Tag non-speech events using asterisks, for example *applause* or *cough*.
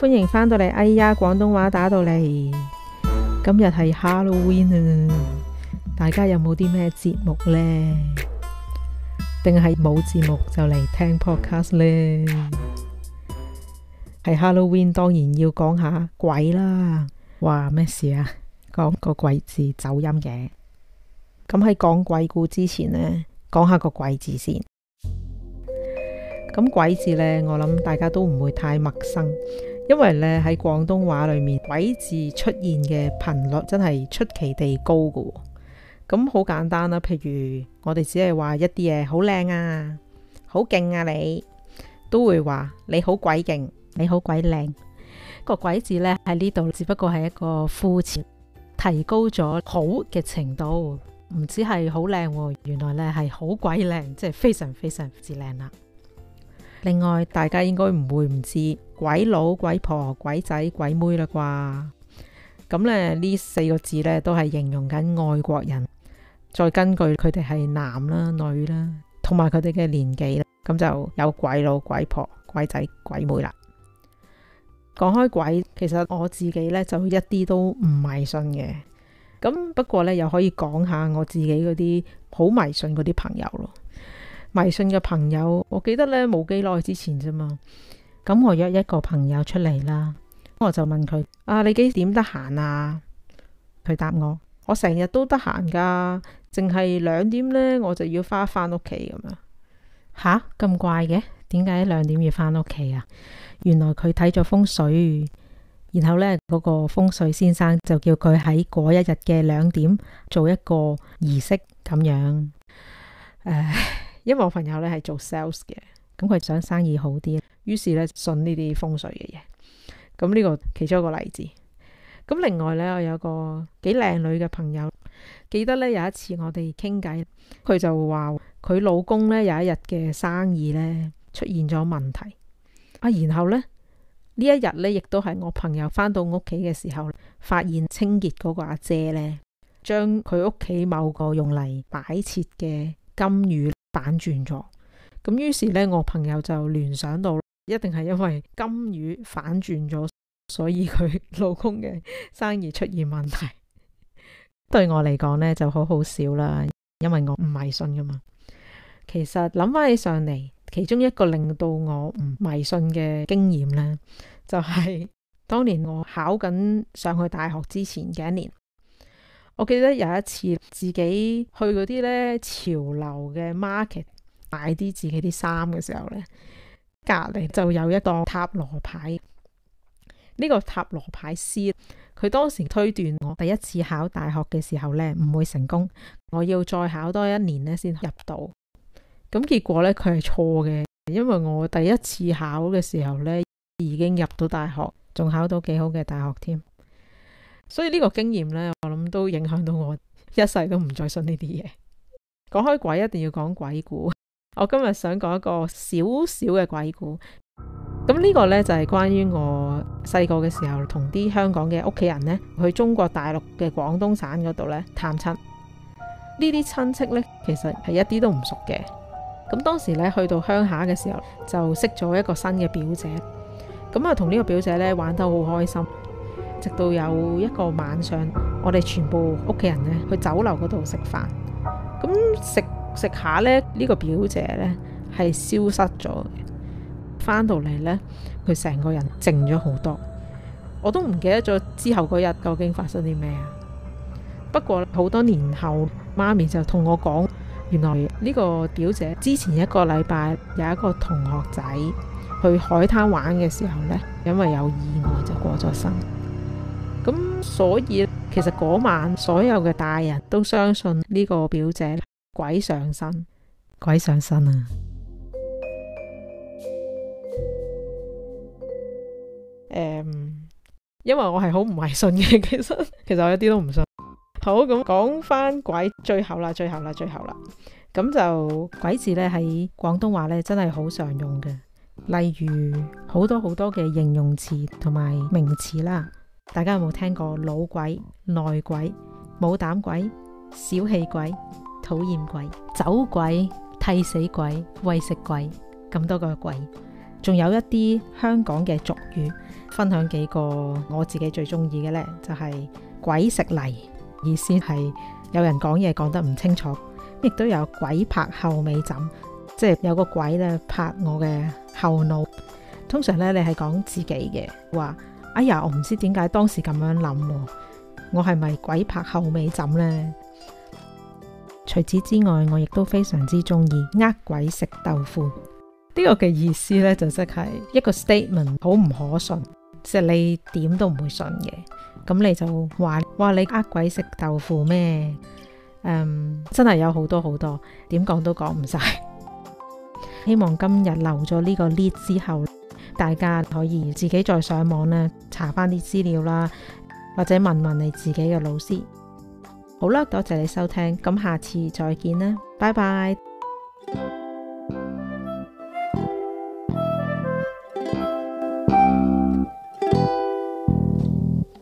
歡迎返到嚟，哎呀，廣東話打到嚟，今日係 Halloween 啊！大家有冇啲咩節目呢？定係冇節目就嚟聽 podcast 呢？係 Halloween 當然要講下鬼啦！哇，咩事啊？講個鬼字走音嘅，咁喺講鬼故之前呢，講下個鬼字先。咁鬼字呢，我諗大家都唔會太陌生。因為咧喺廣東話裏面，鬼字出現嘅頻率真係出奇地高噶、哦。咁、嗯、好簡單啦，譬如我哋只係話一啲嘢好靚啊，好勁啊你，你都會話你好鬼勁，你好鬼靚。個鬼字呢，喺呢度只不過係一個副詞，提高咗好嘅程度，唔只係好靚，原來呢係好鬼靚，即係非常非常之靚啦。另外，大家應該唔會唔知鬼佬、鬼婆、鬼仔、鬼妹啦啩？咁咧呢四個字呢，都係形容緊外國人，再根據佢哋係男啦、女啦，同埋佢哋嘅年紀啦，咁就有鬼佬、鬼婆、鬼仔、鬼妹啦。講開鬼，其實我自己呢，就一啲都唔迷信嘅，咁不過呢，又可以講下我自己嗰啲好迷信嗰啲朋友咯。迷信嘅朋友，我記得呢冇幾耐之前啫嘛。咁我約一個朋友出嚟啦，我就問佢：啊，你幾點得閒啊？佢答我：我成日都得閒噶，淨係兩點呢，我就要翻翻屋企咁樣。吓咁、啊、怪嘅，點解兩點要翻屋企啊？原來佢睇咗風水，然後呢，嗰、嗰個風水先生就叫佢喺嗰一日嘅兩點做一個儀式，咁樣誒。唉。因為我朋友咧係做 sales 嘅，咁佢想生意好啲，於是咧信呢啲風水嘅嘢。咁呢個其中一個例子。咁另外呢，我有個幾靚女嘅朋友，記得呢有一次我哋傾偈，佢就話佢老公呢有一日嘅生意呢出現咗問題。啊，然後呢，呢一日呢亦都係我朋友返到屋企嘅時候，發現清潔嗰個阿姐呢，將佢屋企某個用嚟擺設嘅金魚反轉咗，咁於是呢，我朋友就聯想到，一定係因為金魚反轉咗，所以佢老公嘅生意出現問題。 *laughs* 對我嚟講呢，就好好笑啦，因為我唔迷信噶嘛。其實諗翻起上嚟，其中一個令到我唔迷信嘅經驗呢，就係當年我考緊上去大學之前嘅一年。我記得有一次自己去嗰啲呢潮流嘅 market 買啲自己啲衫嘅時候呢，隔離就有一檔塔羅牌。呢個塔羅牌師佢當時推斷我第一次考大學嘅時候呢，唔會成功，我要再考多一年呢先入到。咁結果呢，佢係錯嘅，因為我第一次考嘅時候呢已經入到大學，仲考到幾好嘅大學添。所以呢個經驗呢，我諗都影響到我一世都唔再信呢啲嘢。講開鬼，一定要講鬼故。我今日想講一個少少嘅鬼故。咁呢個呢，就係關於我細個嘅時候，同啲香港嘅屋企人呢，去中國大陸嘅廣東省嗰度呢探親。呢啲親戚呢，其實係一啲都唔熟嘅。咁當時呢，去到鄉下嘅時候，就識咗一個新嘅表姐。咁啊，同呢個表姐呢，玩得好開心。直到有一個晚上，我哋全部屋企人呢去酒樓嗰度食飯。咁食食下呢，呢個表姐呢係消失咗。返到嚟呢，佢成個人靜咗好多。我都唔記得咗之後嗰日究竟發生啲咩啊。不過好多年後，媽咪就同我講，原來呢個表姐之前一個禮拜有一個同學仔去海灘玩嘅時候呢，因為有意外就過咗身。咁所以其實嗰晚所有嘅大人都相信呢個表姐鬼上身，鬼上身啊！誒，因為我係好唔迷信嘅，其實其實我一啲都唔信。好，咁講翻鬼，最後啦，最後啦，最後啦。咁就鬼字呢喺廣東話呢，真係好常用嘅，例如好多好多嘅形容詞同埋名詞啦。大家有冇聽過老鬼、內鬼、冇膽鬼、小氣鬼、討厭鬼、走鬼、替死鬼、喂食鬼咁多個鬼？仲有一啲香港嘅俗語，分享幾個我自己最中意嘅呢，就係鬼食泥，意思係有人講嘢講得唔清楚；亦都有鬼拍後尾枕，即係有個鬼咧拍我嘅後腦。通常呢，你係講自己嘅話。哎呀，我唔知點解當時咁樣諗、啊，我係咪鬼拍後尾枕咧？除此之外，我亦都非常之中意呃鬼食豆腐。呢、呢個嘅意思咧，就即係一個 statement，好唔可信，即、就、係、係、你點都唔會信嘅。咁你就話，哇，你呃鬼食豆腐咩？嗯、um,，真係有好多好多，點講都講唔晒。希望今日留咗呢個 lead 之後。大家可以自己再上網查翻啲資料啦，或者問問你自己嘅老師。好啦，多謝你收聽，咁下次再見啦，拜拜。